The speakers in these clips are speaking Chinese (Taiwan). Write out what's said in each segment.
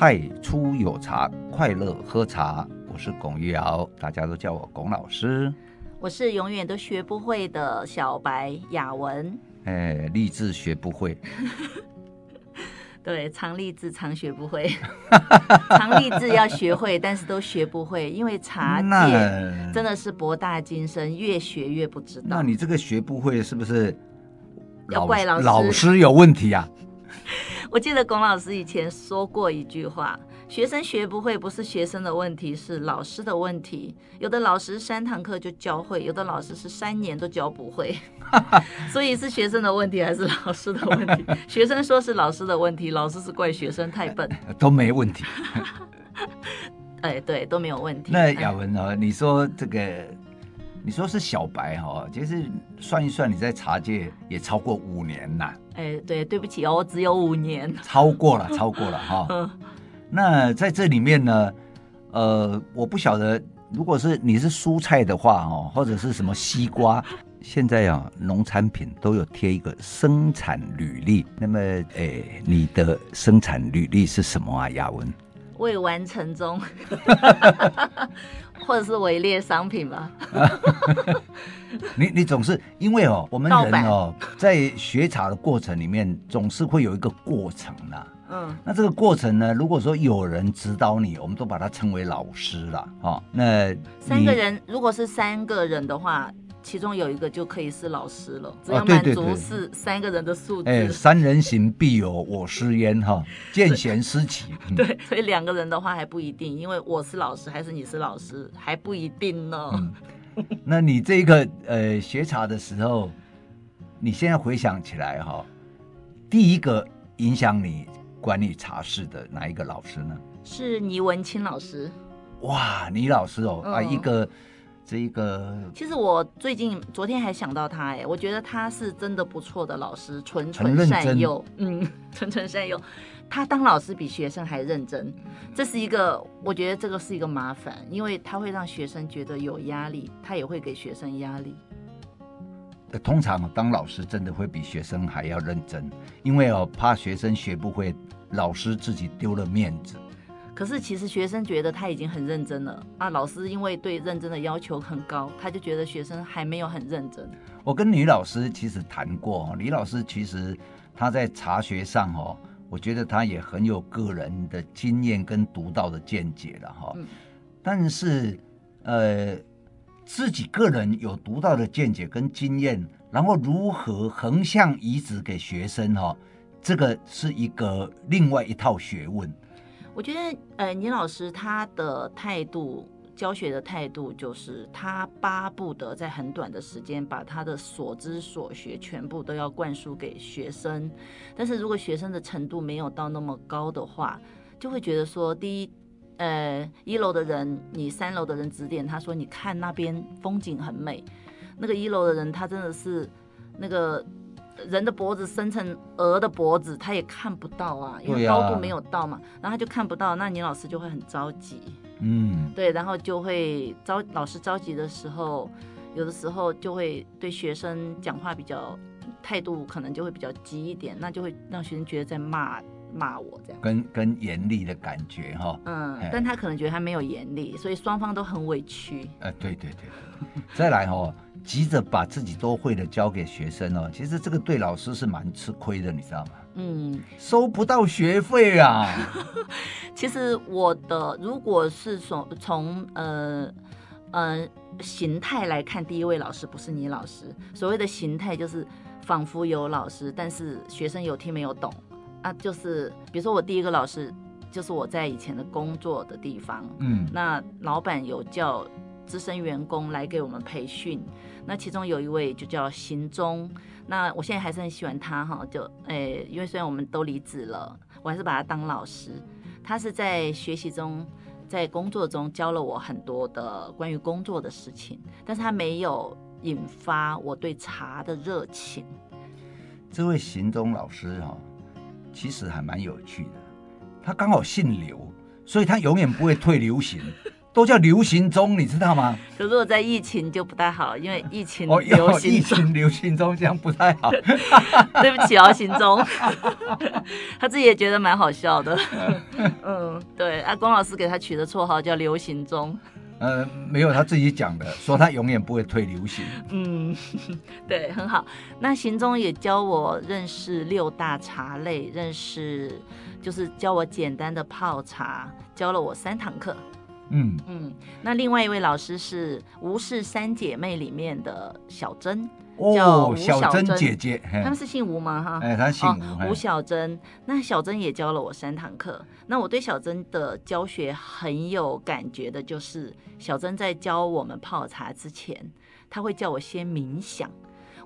太初有茶，快樂喝茶。我是龔於堯，大家都叫我龔老師。我是永遠都學不會的小白雅文。哎，立志學不會。 對，常立志，常學不會。 常立志要學會，但是都學不會，因為茶界真的是博大精深， 越學越不知道那。那你這個學不會是不是要怪老師？老師有問題呀，啊？我記得龔老師以前說過一句話：學生學不會不是學生的問題，是老師的問題。有的老師三堂課就教會，有的老師是三年都教不會。 所以是學生的問題還是老師的問題？ 學生說是老師的問題，老師是怪學生太笨，都沒問題。哎，對，都沒有問題。那雅文啊，你說這個。你說是小白哈，其實算一算你在茶界也超過五年了。哎，對，對不起哦，我只有五年。超過了，超過了哈。哦、 那在這裡面呢，呃，我不曉得，如果是你是蔬菜的話哦，或者是什麼西瓜， 現在啊，農產品都有貼一個生產履歷。那麼，哎，你的生產履歷是什麼啊，雅文？未完成中， 或者是偽劣商品吧、啊。 你你總是因為哦，我們人哦，版在學茶的過程裡面，總是會有一個過程的、啊。嗯，那這個過程呢，如果說有人指導你，我們都把它稱為老師了。哦，那三個人，如果是三個人的話。其中有一個就可以是老師了，只要滿足是三個人的素質。哦對對對哎，三人行必有我師焉哈、 哦，見賢思齊。對，所以兩個人的話還不一定，因為我是老師還是你是老師還不一定呢。嗯，那你這個呃學茶的時候，你現在回想起來哈，哦，第一個影響你管理茶室的哪一個老師呢？是倪文清老師。哇，倪老師哦，哦，啊，一個。這一個，其實我最近昨天還想到他哎，我覺得他是真的不錯的老師，循循善誘，嗯，循循善誘，他當老師比學生還認真，這是一個，我覺得這個是一個麻煩，因為他會讓學生覺得有壓力，他也會給學生壓力。通常當老師真的會比學生還要認真，因為哦，怕學生學不會，老師自己丟了面子。可是，其實學生覺得他已經很認真了啊。老師因為對認真的要求很高，他就覺得學生還沒有很認真。我跟李老師其實談過，李老師其實他在茶學上，我覺得他也很有個人的經驗跟獨到的見解的、嗯、但是，呃，自己個人有獨到的見解跟經驗，然後如何橫向移植給學生，這個是一個另外一套學問。我覺得，呃，倪老師他的態度，教學的態度，就是他巴不得在很短的時間把他的所知所學全部都要灌輸給學生。但是如果學生的程度沒有到那麼高的話，就會覺得說，第一，呃，一樓的人，你三樓的人指點他說，你看那邊風景很美，那個一樓的人他真的是那個。人的脖子生成鵝的脖子，他也看不到啊，因為高度沒有到嘛，啊、然後他就看不到，那你老師就會很着急，嗯，對，然後就會着老師着急的時候，有的時候就會對學生講話比較態度可能就會比較急一點，那就會讓學生覺得在罵罵我這樣，跟跟嚴厲的感覺哈、哦，嗯，哎、但他可能覺得他沒有嚴厲，所以雙方都很委屈，哎、呃，對，對對對，再來哈、哦。 急着把自己都會的教給學生哦，其實這個對老師是蠻吃虧的，你知道嗎？嗯，收不到學費啊。其實我的如果是從從呃呃形態來看，第一位老師不是你老師。所謂的形態就是仿佛有老師，但是學生有聽沒有懂啊。就是比如說我第一個老師，就是我在以前的工作的地方，嗯，那老板有教。資深員工來給我們培訓，那其中有一位就叫行中，那我現在還是很喜歡他哈，就誒、欸，因為雖然我們都離職了，我還是把他當老師。他是在學習中、在工作中教了我很多的關於工作的事情，但是他沒有引發我對茶的熱情。這位行中老師哈、喔，其實還蠻有趣的，他剛好姓劉，所以他永遠不會退流行。 都叫流行中，你知道嗎？可如果在疫情就不太好，因為疫情流行 哦。哦，疫情流行中這樣不太好。 對不起哦，行中 他自己也覺得蠻好笑的。 嗯，對，阿、啊、光老師給他取的綽號叫流行中，嗯、呃，沒有他自己講的， 說他永遠不會退流行。嗯，對，很好。那行中也教我認識六大茶類，認識就是教我簡單的泡茶，教了我三堂課。嗯嗯，那另外一位老師是吳氏三姐妹裡面的小珍，哦、叫吳小珍姐姐，他們是姓吳嗎？哈嘿，哎、哦，她姓吳。吳、哦、小珍，嘿那小珍也教了我三堂課。那我對小珍的教學很有感覺的，就是小珍在教我們泡茶之前，她會叫我先冥想。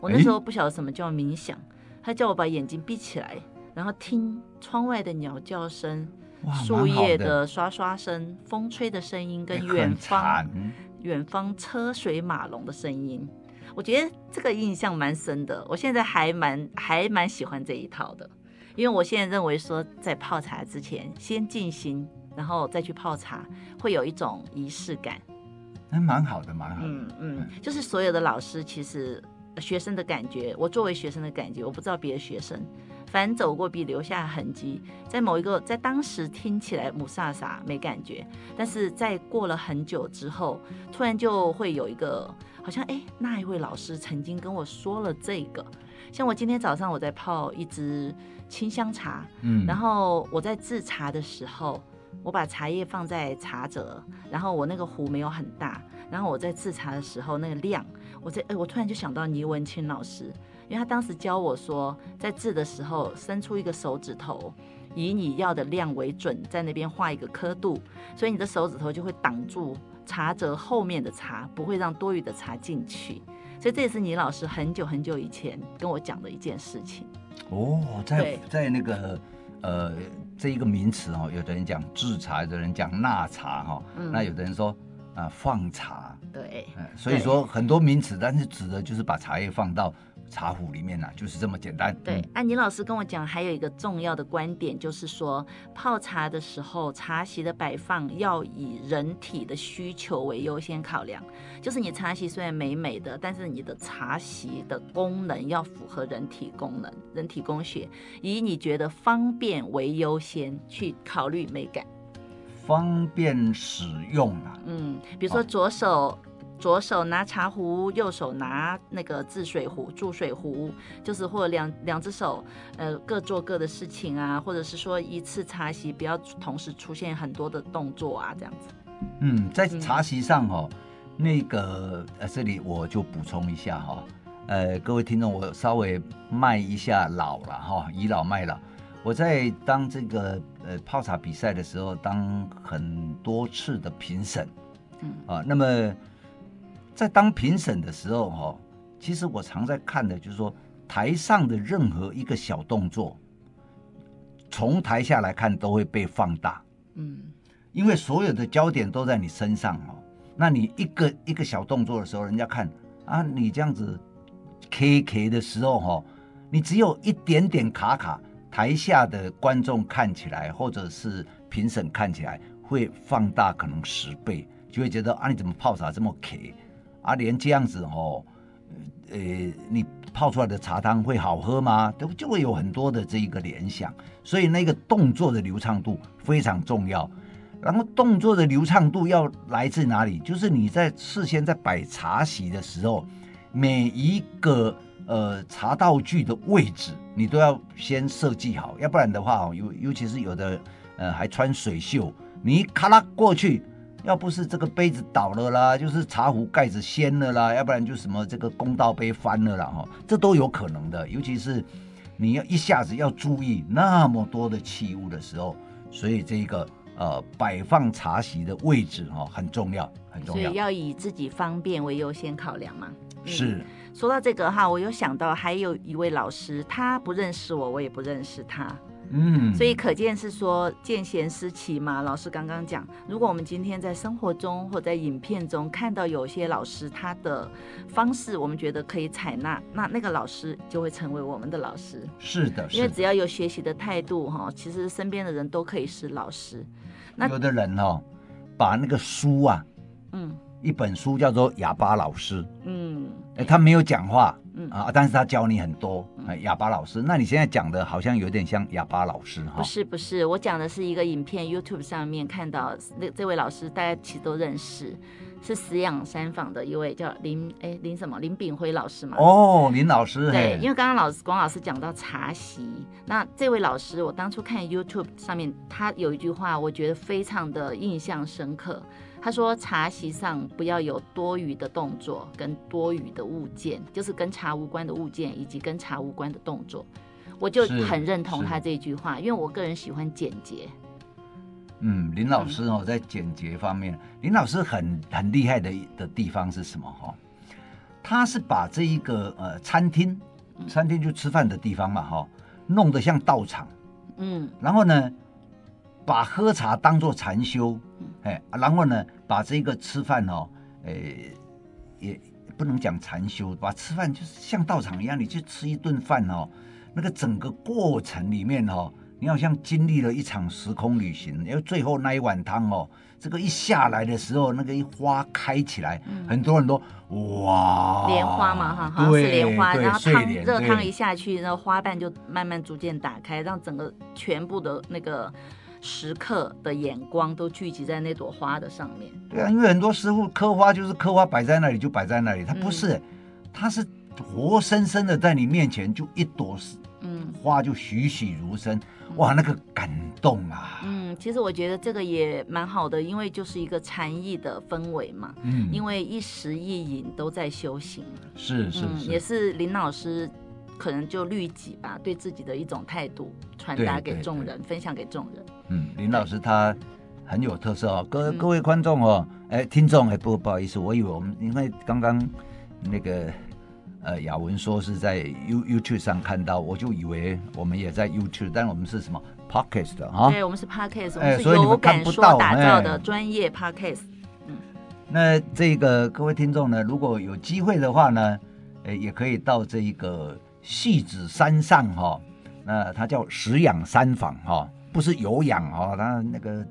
我那時候不曉得什麼叫冥想，她叫我把眼睛閉起來，然後聽窗外的鳥叫聲。樹葉的刷刷聲，風吹的聲音跟遠方遠方車水馬龍的聲音，我覺得這個印象蠻深的。我現在還蠻還蠻喜歡這一套的，因為我現在認為說，在泡茶之前先靜心，然後再去泡茶，會有一種儀式感。那蠻好的，蠻好的。嗯嗯，嗯嗯，就是所有的老師，其實學生的感覺，我作為學生的感覺，我不知道別的學生。凡走過，必留下痕跡。在某一個，在當時聽起來霧煞煞，沒感覺。但是在過了很久之後，突然就會有一個，好像誒、欸，那一位老師曾經跟我說了這個。像我今天早上我在泡一支清香茶，嗯，然後我在置茶的時候，我把茶葉放在茶則，然後我那個壺沒有很大，然後我在置茶的時候那個量，我在誒、欸，我突然就想到倪文清老師。因為他當時教我說，在置的時候伸出一個手指頭，以你要的量為準，在那邊畫一個刻度，所以你的手指頭就會擋住茶則後面的茶，不會讓多餘的茶進去。所以這也是倪老師很久很久以前跟我講的一件事情。哦，在對在那個呃，嗯、這一個名詞哦，有的人講置茶，有的人講納茶哈、哦，嗯、那有的人說啊、呃、放茶，對、呃，所以說很多名詞，對但是指的就是把茶葉放到。茶壺裡面呢、啊，就是這麼簡單。嗯、對，安、啊、妮老師跟我講，還有一個重要的觀點，就是說泡茶的時候，茶席的擺放要以人體的需求為優先考量。就是你茶席雖然美美的，但是你的茶席的功能要符合人體功能、人體工學，以你覺得方便為優先去考慮美感。方便使用啊。嗯，比如說左手。哦左手拿茶壺，右手拿那個製水壺、注水壺，就是或兩兩隻手，呃，各做各的事情啊，或者是說一次茶席不要同時出現很多的動作啊，這樣子。嗯，在茶席上哦、喔，嗯、那個呃，這裡我就補充一下哈、喔，呃，各位聽眾，我稍微賣一下老了哈，倚老賣老。我在當這個呃泡茶比賽的時候，當很多次的評審，嗯啊，那麼。在當評審的時候，哦，其實我常在看的，就是說台上的任何一個小動作，從台下來看都會被放大，嗯，因為所有的焦點都在你身上哦。那你一個一個小動作的時候，人家看啊，你這樣子 K K 的時候，哈，你只有一點點卡卡，台下的觀眾看起來或者是評審看起來會放大可能十倍，就會覺得啊，你怎麼泡茶這麼 K？啊，連這樣子哦，呃、欸，你泡出來的茶湯會好喝嗎？都就會有很多的這一個聯想，所以那個動作的流暢度非常重要。然後動作的流暢度要來自哪裡？就是你在事先在擺茶席的時候，每一個呃茶道具的位置你都要先設計好，要不然的話，尤尤其是有的呃還穿水袖，你一咔啦過去。要不是這個杯子倒了啦，就是茶壺蓋子掀了啦，要不然就什麼這個公道杯翻了啦，哈，這都有可能的。尤其是你要一下子要注意那麼多的器物的時候，所以這個呃擺放茶席的位置哈很重要，很重要。所以要以自己方便為優先考量嘛。是。說到這個哈，我有想到還有一位老師，他不認識我，我也不認識他。嗯，所以可見是說見賢思齊嘛。老師剛剛講，如果我們今天在生活中或在影片中看到有些老師，他的方式我們覺得可以採納，那那個老師就會成為我們的老師。是的，是的，因為只要有學習的態度，哈，其實身邊的人都可以是老師。那有的人哦，把那個書啊，嗯。一本書叫做《啞巴老師》，嗯，哎、欸，他沒有講話，嗯、啊，但是他教你很多。哎、嗯，啞巴老師，那你現在講的好像有點像啞巴老師哈。不是、哦、不是，我講的是一個影片，YouTube 上面看到那這位老師，大家其實都認識，是食養山房的一位叫林哎、欸、林什麼林炳輝老師嘛。哦，林老師。對，欸、因為剛剛老師龔老師講到茶席，那這位老師，我當初看 YouTube 上面，他有一句話，我覺得非常的印象深刻。他說：“茶席上，不要有多餘的動作跟多餘的物件，就是跟茶無關的物件以及跟茶無關的動作。”我就很認同他這句話，因為我個人喜歡簡潔。嗯，林老師哦，嗯、在簡潔方面，林老師很很厲害的的地方是什麼？哈，他是把這一個呃餐廳，嗯、餐廳就吃飯的地方嘛，哈，弄得像道場，嗯，然後呢，把喝茶當做禪修。然後呢，把這個吃飯哦，誒、欸，也不能講禪修，把吃飯就是像道場一樣，你去吃一頓飯哦，那個整個過程裡面哦，你好像經歷了一場時空旅行，因為最後那一碗湯哦，這個一下來的時候，那個一花開起來，嗯、很多很多，哇，蓮花嘛哈，哈，是對蓮花，然後湯蓮熱湯一下去，對然後花瓣就慢慢逐漸打開，讓整個全部的那個。時刻的眼光都聚集在那朵花的上面。對，對啊，因為很多師傅刻花就是刻花擺在那裡就擺在那裡，它不是，它、嗯、是活生生的在你面前，就一朵花就栩栩如生，嗯、哇，那個感動啊！嗯，其實我覺得這個也蠻好的，因為就是一個禪意的氛圍嘛。嗯，因為一食一飲都在修行。是是是，是嗯、是也是林老師。可能就律己吧，對自己的一種態度傳達給眾人，分享給眾人。嗯，林老師他很有特色哦。各對各位觀眾哦，嗯、哎，聽眾哎，不不好意思，我以為我們因為剛剛那個呃雅文說是在 YouTube 上看到，我就以為我們也在 YouTube，但我們是什麼 Podcast 的啊？對，我們是 Podcast，Pod、嗯哎、所以你們看不到，有感說打造的專業 Podcast。嗯，那這個各位聽眾呢，如果有機會的話呢，哎、也可以到這一個。戲子山上哈，那它叫食養山房哈，不是有養哦，它那，那個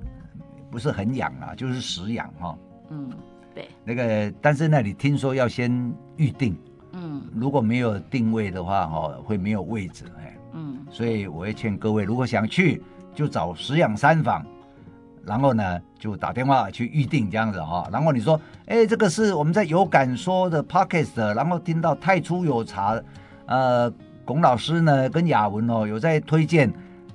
不是很養啊，就是食養哈。嗯，對。那個，但是那裡聽說要先預定。嗯。如果沒有定位的話哈，會沒有位置哎。嗯。所以我會勸各位，如果想去，就找食養山房，然後呢就打電話去預定這樣子哈。然後你說，哎，這個是我們在有感說的 podcast，然後聽到太初有茶。呃，龔老師呢跟雅文哦有在推薦，誒、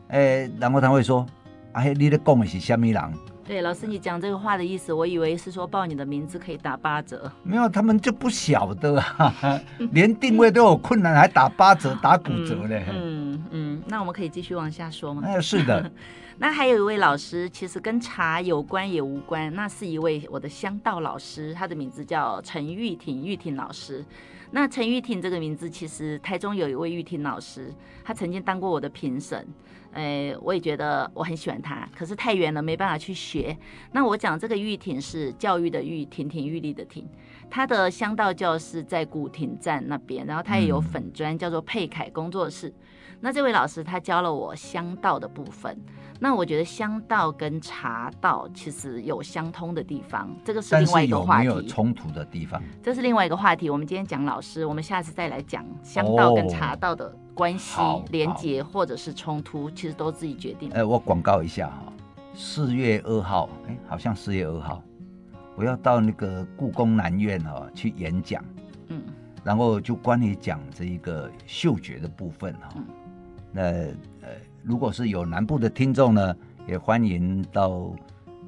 欸，然後他會說，啊，你的講的是什麼人？對，老師，你講這個話的意思，我以為是說報你的名字可以打八折。沒有，他們就不曉得、啊， 連定位都有困難，嗯，還打八折，打骨折呢。嗯嗯，那我們可以繼續往下說嗎？呃、哎，是的。 那還有一位老師，其實跟茶有關也無關，那是一位我的香道老師，他的名字叫陳玉廷，玉廷老師。那陳玉婷這個名字，其實台中有一位玉婷老師，他曾經當過我的評審，誒、哎，我也覺得我很喜歡他，可是太遠了沒辦法去學。那我講這個玉婷是教育的玉，亭亭玉立的婷，他的香道教室在古亭站那邊，然後他也有粉專叫做佩凱工作室。那這位老師他教了我香道的部分。那我覺得香道跟茶道其實有相通的地方，這個是另外一個話題。有沒有衝突的地方？這是另外一個話題。我們今天講老師，我們下次再來講香道跟茶道的關係、哦、連結或者是衝突，其實都自己決定、呃。我廣告一下哈，四月二號，哎，好像四月二號，我要到那個故宮南院哦去演講，嗯，然後就關於講這一個嗅覺的部分哈。嗯那呃，如果是有南部的聽眾呢，也歡迎到、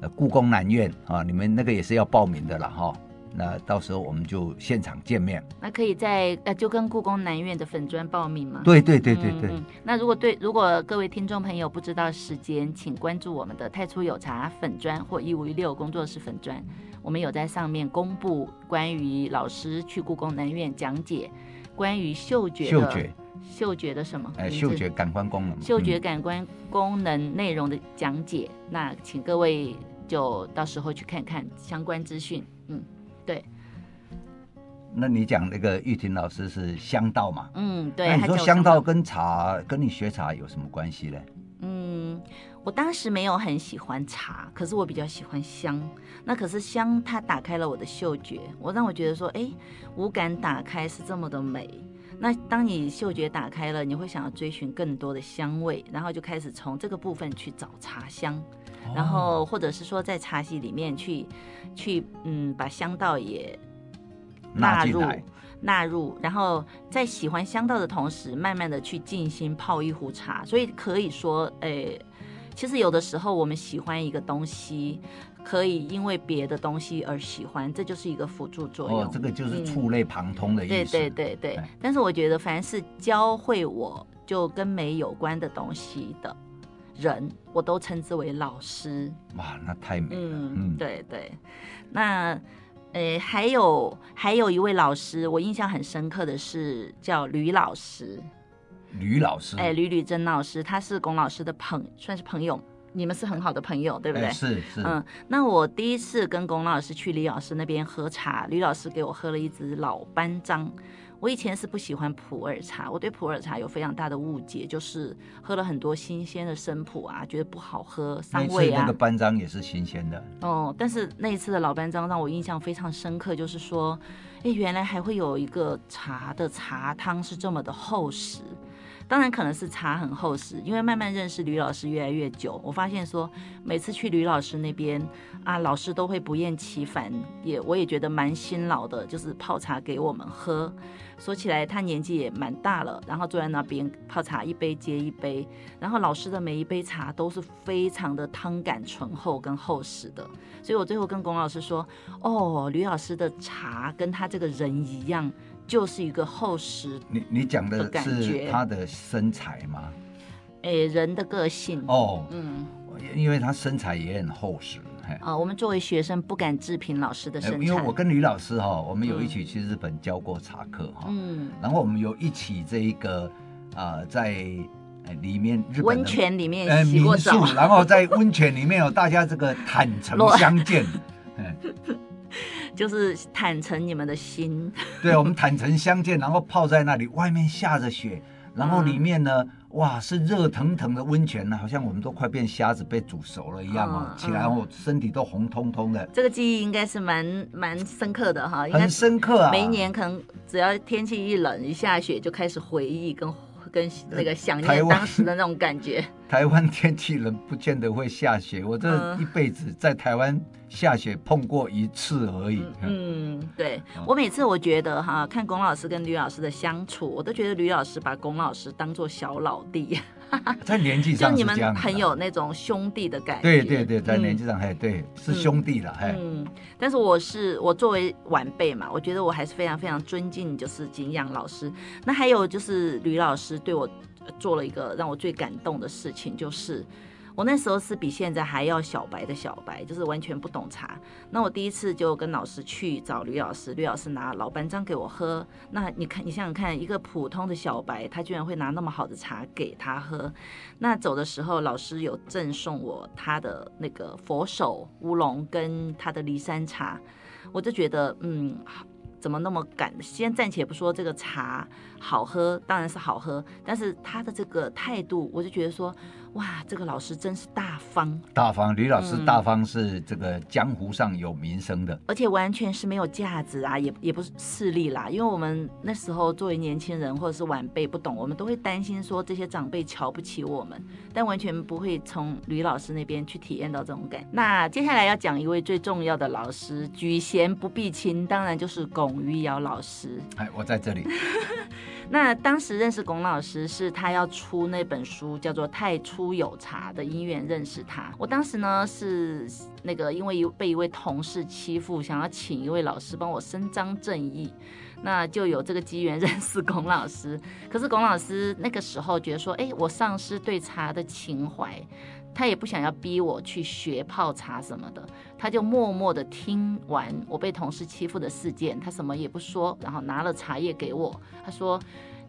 呃、故宮南院啊，你們那個也是要報名的了哈、哦。那到時候我們就現場見面。那可以在呃，就跟故宮南院的粉專報名嗎？對對對對對、嗯。那如果對，如果各位聽眾朋友不知道時間，請關注我們的太初有茶粉專或一五一六工作室粉專，我們有在上面公布關於老師去故宮南院講解關於嗅覺，嗅覺。嗅覺的什麼？哎、嗯，嗅覺感官功能。嗯、嗅覺感官功能內容的講解，嗯、那請各位就到時候去看看相關資訊。嗯，對。那你講那個玉婷老師是香道嘛？嗯，對。那你說香道跟茶，跟你學茶有什麼關係呢？嗯，我當時沒有很喜歡茶，可是我比較喜歡香。那可是香，它打開了我的嗅覺，我讓我覺得說，哎，五感打開是這麼的美。那當你嗅覺打開了，你會想要追尋更多的香味，然後就開始從這個部分去找茶香，然後或者是說在茶席裡面去，去嗯把香道也納入納入，然後在喜歡香道的同時，慢慢的去靜心泡一壺茶，所以可以說誒。哎其實有的時候，我們喜歡一個東西，可以因為別的東西而喜歡，這就是一個輔助作用。哦，這個就是觸類旁通的意思。嗯，對對對，對，對。但是我覺得，凡是教會我就跟美有關的東西的人，我都稱之為老師。哇，那太美了。嗯，對對。那呃，還有還有一位老師，我印象很深刻的是叫呂老師。呂老師，哎，呂呂真老師，他是龔老師的朋友，算是朋友，你們是很好的朋友，對不對？是、哎、是。是嗯，那我第一次跟龔老師去李老師那邊喝茶，呂老師給我喝了一支老班章。我以前是不喜歡普洱茶，我對普洱茶有非常大的誤解，就是喝了很多新鮮的生普啊，覺得不好喝，傷胃啊。那那個班章也是新鮮的。哦、嗯，但是那一次的老班章讓我印象非常深刻，就是說，哎，原來還會有一個茶的茶湯是這麼的厚實。當然可能是茶很厚實，因為慢慢認識呂老師越來越久，我發現說每次去呂老師那邊啊，老師都會不厭其煩，也我也覺得蠻辛勞的，就是泡茶給我們喝。說起來他年紀也蠻大了，然後坐在那邊泡茶一杯接一杯，然後老師的每一杯茶都是非常的湯感醇厚跟厚實的，所以我最後跟龔老師說，哦，呂老師的茶跟他這個人一樣。就是一個厚實。你你講的是他的身材嗎？哎，人的個性哦，嗯，因為他身材也很厚實。啊、哦，我們作為學生不敢置評老師的身材。因為我跟呂老師哈、哦，我們有一起去日本教過茶課哈、哦，嗯，然後我們有一起這一個、呃、在裡面日本溫泉裡面洗過澡、呃、民宿然後在溫泉裡面有、哦、 大家這個坦誠相見。落就是坦誠你們的心， 對，我們坦誠相見，然後泡在那裡，外面下着雪，然後裡面呢，嗯、哇，是熱騰騰的溫泉呢、啊，好像我們都快變蝦子被煮熟了一樣啊、哦！嗯嗯、起來後身體都紅彤彤的，這個記憶應該是蠻蠻深刻的哈，很深刻啊！每一年可能只要天氣一冷一下雪，就開始回憶跟跟那個想念當時的那種感覺。台灣笑台灣天氣冷不見得會下雪。我這一輩子在台灣下雪碰過一次而已。嗯，嗯，對。嗯、我每次我覺得哈，看龔老師跟呂老師的相處，我都覺得呂老師把龔老師當做小老弟。哈哈，在年紀上是就你們很有那種兄弟的感覺。對對對，在年紀上嘿、嗯、對是兄弟了、嗯，嗯。但是我是我作為晚輩嘛，我覺得我還是非常非常尊敬，就是景仰老師。那還有就是呂老師對我。做了一個讓我最感動的事情，就是我那時候是比現在還要小白的小白，就是完全不懂茶。那我第一次就跟老師去找呂老師，呂老師拿老班章給我喝。那你看，你想想看，一個普通的小白，他居然會拿那麼好的茶給他喝。那走的時候，老師有贈送我他的那個佛手烏龍跟他的梨山茶，我就覺得，嗯。怎麼那麼敢？先暫且不說這個茶好喝，當然是好喝，但是他的這個態度，我就覺得說。哇，這個老師真是大方！大方，呂老師大方是這個江湖上有名聲的，嗯、而且完全是沒有架子啊，也也不是勢利啦，因為我們那時候作為年輕人或者是晚輩不懂，我們都會擔心說這些長輩瞧不起我們，但完全不會從呂老師那邊去體驗到這種感。那接下來要講一位最重要的老師，舉賢不避親，當然就是龔於堯老師。哎，我在這裡。 那當時認識龔老師，是他要出那本書，叫做《太初有茶》的因緣，認識他。我當時呢是那個因為被一位同事欺負，想要請一位老師幫我伸張正義。那就有這個機緣認識龔老師，可是龔老師那個時候覺得說，哎，我喪失對茶的情懷，他也不想要逼我去學泡茶什麼的，他就默默地聽完我被同事欺負的事件，他什麼也不說，然後拿了茶葉給我，他說，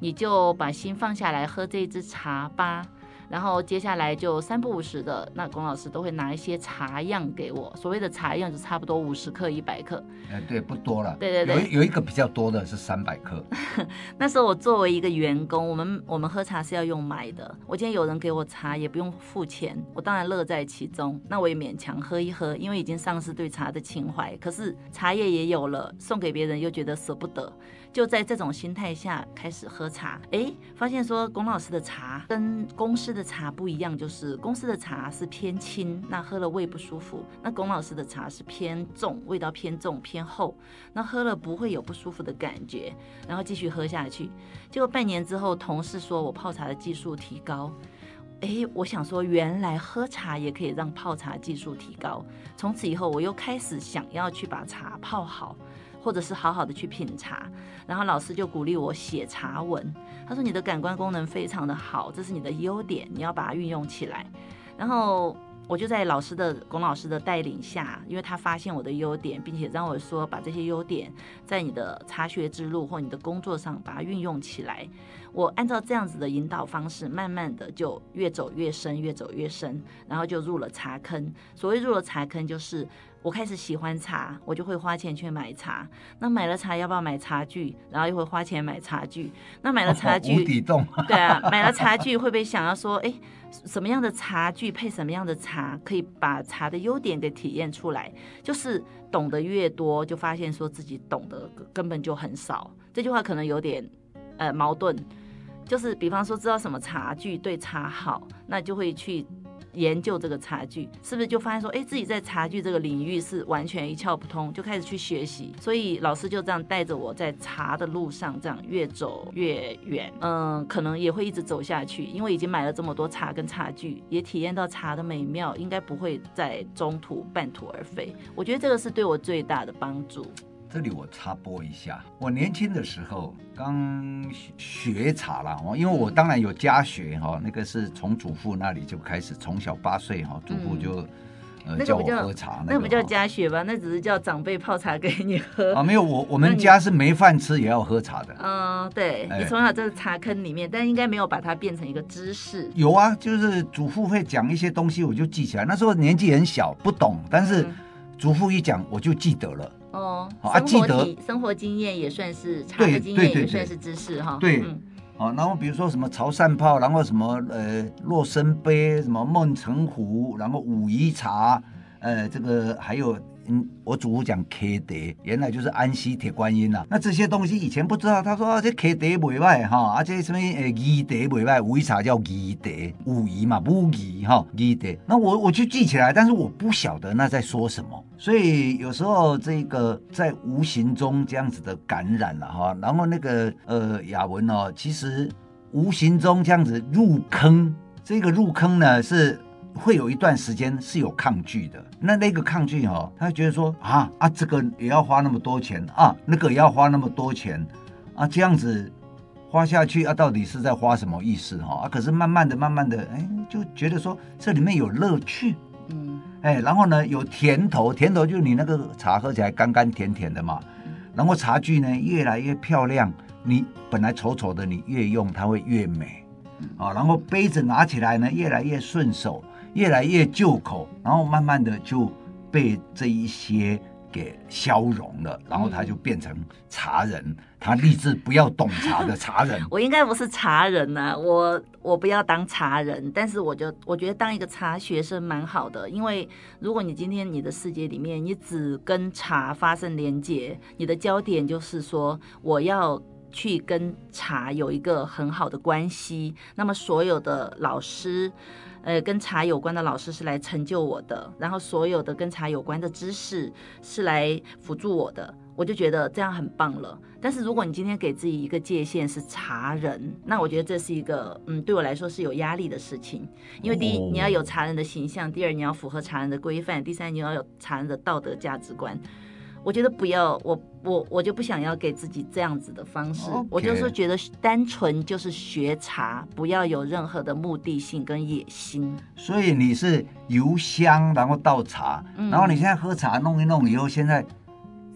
你就把心放下來，喝這支茶吧。然後接下來就三不五時的，那龔老師都會拿一些茶樣給我。所謂的茶樣就差不多五十克、一百克。哎、嗯，對，不多了。對對對有，有一個比較多的是三百克。 那時候我作為一個員工，我們我們喝茶是要用買的。我今天有人給我茶，也不用付錢，我當然樂在其中。那我也勉強喝一喝，因為已經喪失對茶的情懷。可是茶葉也有了，送給別人又覺得捨不得。就在這種心態下開始喝茶，誒，發現說龔老師的茶跟公司的茶不一樣，就是公司的茶是偏輕，那喝了胃不舒服；那龔老師的茶是偏重，味道偏重、偏厚，那喝了不會有不舒服的感覺。然後繼續喝下去，結果半年之後，同事說我泡茶的技術提高。誒，我想說，原來喝茶也可以讓泡茶技術提高。從此以後，我又開始想要去把茶泡好。或者是好好的去品茶，然後老師就鼓勵我寫茶文。他說你的感官功能非常的好，這是你的優點，你要把它運用起來。然後我就在老師的龔老師的帶領下，因為他發現我的優點，並且讓我說把這些優點在你的茶學之路或你的工作上把它運用起來。我按照這樣子的引導方式，慢慢的就越走越深，越走越深，然後就入了茶坑。所謂入了茶坑，就是。我開始喜歡茶，我就會花錢去買茶。那買了茶，要不要買茶具？然後又會花錢買茶具。那買了茶具，哦、 對啊，買了茶具會不會想要說，誒、欸，什麼樣的茶具配什麼樣的茶，可以把茶的優點給體驗出來？就是懂得越多，就發現說自己懂得根本就很少。這句話可能有點呃矛盾。就是比方說知道什麼茶具對茶好，那就會去。研究這個茶具，是不是就發現說，哎，自己在茶具這個領域是完全一竅不通，就開始去學習。所以老師就這樣帶着我在茶的路上，這樣越走越遠。嗯，可能也會一直走下去，因為已經買了這麼多茶跟茶具，也體驗到茶的美妙，應該不會在中途半途而廢。我覺得這個是對我最大的幫助。這裡我插播一下，我年輕的時候剛學學茶啦，哦，因為我當然有家學哈，那個是從祖父那裡就開始，從小八歲哈，祖父就、呃嗯、那就叫我喝茶，那不、個、叫家學吧？那只是叫長輩泡茶給你喝啊。沒有，我我們家是沒飯吃也要喝茶的。嗯，對，哎、你從小在茶坑裡面，但應該沒有把它變成一個知識。有啊，就是祖父會講一些東西，我就記起來。那時候年紀很小，不懂，但是祖父一講我就記得了。哦，阿、啊啊、記得生活經驗也算是茶的經驗，對對對，也算是知識哈。對，對，對，對，好、嗯、然後比如說什麼潮汕泡，然後什麼呃若深杯，什麼孟臣壺，然後武夷茶，呃，這個還有。嗯，我祖父講 k 德，原來就是安溪鐵觀音啦、啊。那這些東西以前不知道，他說、啊、這克德會賣哈，而、啊、且什麼呃宜德賣賣，為、啊、啥叫宜德？武夷嘛，不疑哈，宜、哦、德。那我我就記起來，但是我不曉得那在說什麼。所以有時候這個在無形中這樣子的感染了、啊、哈、啊，然後那個呃雅文哦，其實無形中這樣子入坑，這個入坑呢是會有一段時間是有抗拒的。那那個抗拒哈、哦，他覺得說啊啊，這個也要花那麼多錢啊，那個也要花那麼多錢啊，這樣子花下去啊，到底是在花什麼意思哈？啊，可是慢慢的、慢慢的，哎、欸，就覺得說這裡面有樂趣，嗯，哎、欸，然後呢有甜頭，甜頭就是你那個茶喝起來甘甘甜甜的嘛，嗯、然後茶具呢越來越漂亮，你本來醜醜的，你越用它會越美，啊、嗯哦，然後杯子拿起來呢越來越順手。越來越舊口，然後慢慢的就被這一些給消融了，然後他就變成茶人。他立志不要懂茶的茶人。哎，我應該不是茶人吶，啊，我我不要當茶人，但是我就我覺得當一個茶學生蠻好的，因為如果你今天你的世界裡面，你只跟茶發生連接，你的焦點就是說我要。去跟茶有一個很好的關係，那麼所有的老師，呃，跟茶有關的老師是來成就我的，然後所有的跟茶有關的知識是來輔助我的，我就覺得這樣很棒了。但是如果你今天給自己一個界限是茶人，那我覺得這是一個，嗯，對我來說是有壓力的事情，因為第一你要有茶人的形象，第二你要符合茶人的規範，第三你要有茶人的道德價值觀。我覺得不要，我我我就不想要給自己這樣子的方式，Okay. 我就是覺得單純就是學茶，不要有任何的目的性跟野心。所以你是油香，然後倒茶，然後你現在喝茶弄一弄以後，嗯、現在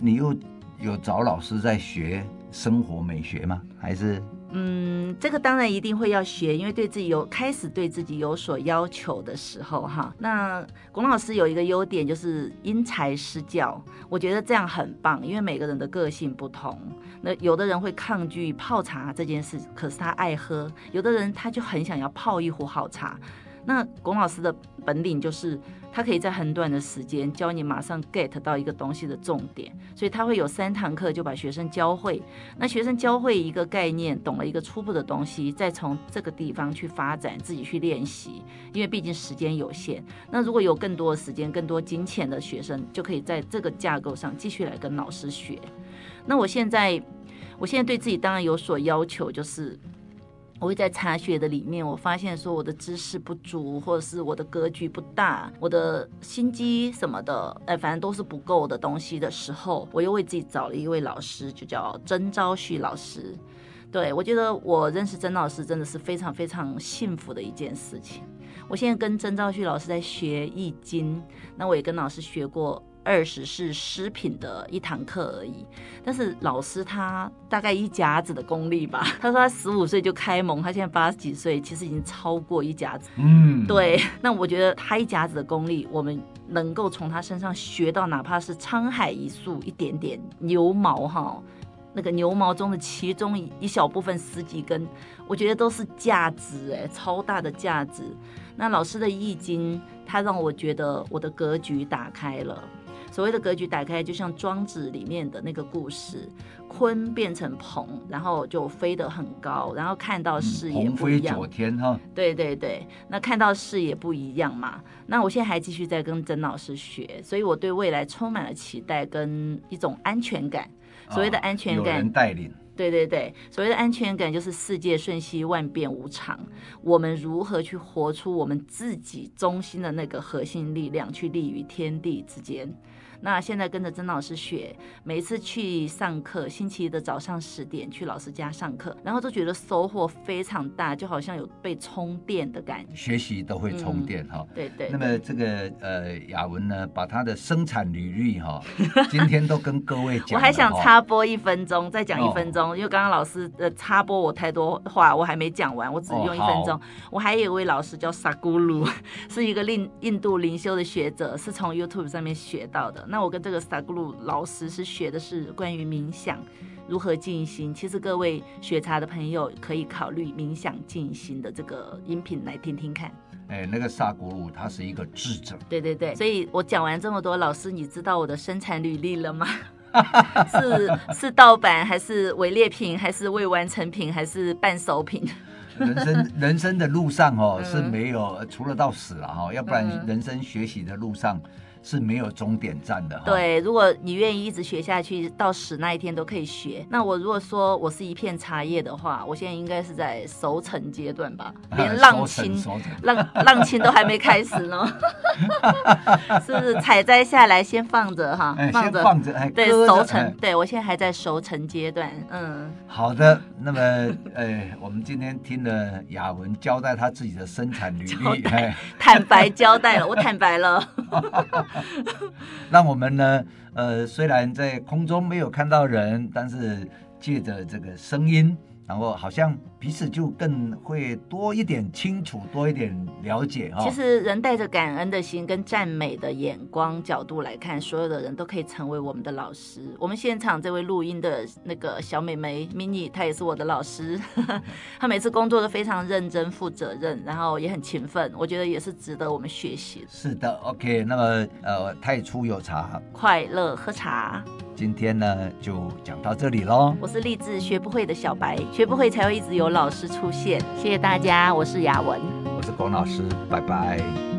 你又有找老師在學生活美學嗎？還是？嗯，這個當然一定會要學，因為對自己有開始對自己有所要求的時候哈。那龔老師有一個優點就是因材施教，我覺得這樣很棒，因為每個人的個性不同。那有的人會抗拒泡茶這件事，可是他愛喝；有的人他就很想要泡一壺好茶。那龔老師的本領就是，他可以在很短的時間教你馬上 get 到一個東西的重點，所以他會有三堂課就把學生教會。那學生教會一個概念，懂了一個初步的東西，再從這個地方去發展自己去練習，因為畢竟時間有限。那如果有更多時間、更多金錢的學生，就可以在這個架構上繼續來跟老師學。那我現在，我現在對自己當然有所要求，就是。我會在茶學的裡面，我發現說我的知識不足，或者是我的格局不大，我的心機什麼的，哎，反正都是不夠的東西的時候，我又為自己找了一位老師，就叫曾昭旭老師。對，我覺得我認識曾老師真的是非常非常幸福的一件事情。我現在跟曾昭旭老師在學易經，那我也跟老師學過。二十是詩品的一堂課而已，但是老師他大概一甲子的功力吧。他說他十五歲就開蒙，他現在八十幾歲，其實已經超過一甲子。嗯，對。那我覺得他一甲子的功力，我們能夠從他身上學到，哪怕是滄海一粟一點點牛毛哈，那個牛毛中的其中一小部分十幾根，我覺得都是價值哎、欸，超大的價值。那老師的易經，他讓我覺得我的格局打開了。所謂的格局打開，就像莊子裡面的那個故事，鯤變成鵬，然後就飛得很高，然後看到視野不一樣。嗯、鵬飛九天哈。對對對，那看到視野不一樣嘛。那我現在還繼續在跟曾老師學，所以我對未來充滿了期待跟一種安全感。所謂的安全感，哦、有人帶領。對對對，所謂的安全感就是世界瞬息萬變無常，我們如何去活出我們自己中心的那個核心力量，去立於天地之間。那現在跟着曾老師學，每一次去上課，星期一的早上十點去老師家上課，然後都覺得收穫非常大，就好像有被充電的感覺。學習都會充電哈、嗯。對對。那麼這個呃，雅文呢，把他的生產履歷哈，今天都跟各位講。 我還想插播一分鐘，再講一分鐘，哦、因為剛剛老師呃插播我太多話，我還沒講完，我只用一分鐘。哦、我還有一位老師叫薩古魯，是一個印印度靈修的學者，是從 YouTube 上面學到的。那我跟這個薩古魯老師是學的是關於冥想如何進行。其實各位學茶的朋友可以考慮冥想進行的這個音頻來聽聽看。哎，那個薩古魯他是一個智者。對對對，所以我講完這麼多，老師你知道我的生產履歷了嗎？是是盜版還是偽劣品還是未完成品還是半熟品？人生人生的路上哦是沒有，除了到死了哈，要不然人生學習的路上，是沒有終點站的。對，如果你願意一直學下去，到死那一天都可以學。那我如果說我是一片茶葉的話，我現在應該是在熟成階段吧？連浪青浪浪青都還沒開始呢，是不是採摘下來先放着哈，先放着，對，熟成。對我現在還在熟成階段，嗯。好的，那麼呃，我們今天聽了雅文交代他自己的生產履歷，坦白交代了，我坦白了。 讓我們呢，呃，雖然在空中沒有看到人，但是借着這個聲音。然後好像彼此就更會多一點清楚，多一點了解，哦。其實人帶着感恩的心跟讚美的眼光角度來看，所有的人都可以成為我們的老師。我們現場這位錄音的那個小美眉 Mini，她也是我的老師， 她每次工作都非常認真、負責任，然後也很勤奮，我覺得也是值得我們學習。是的，OK，那麼呃，太初有茶，快樂喝茶。今天呢，就講到這裡嘍。我是勵志學不會的小白，學不會才會一直有老師出現。謝謝大家，我是雅文，我是龔老師，拜拜。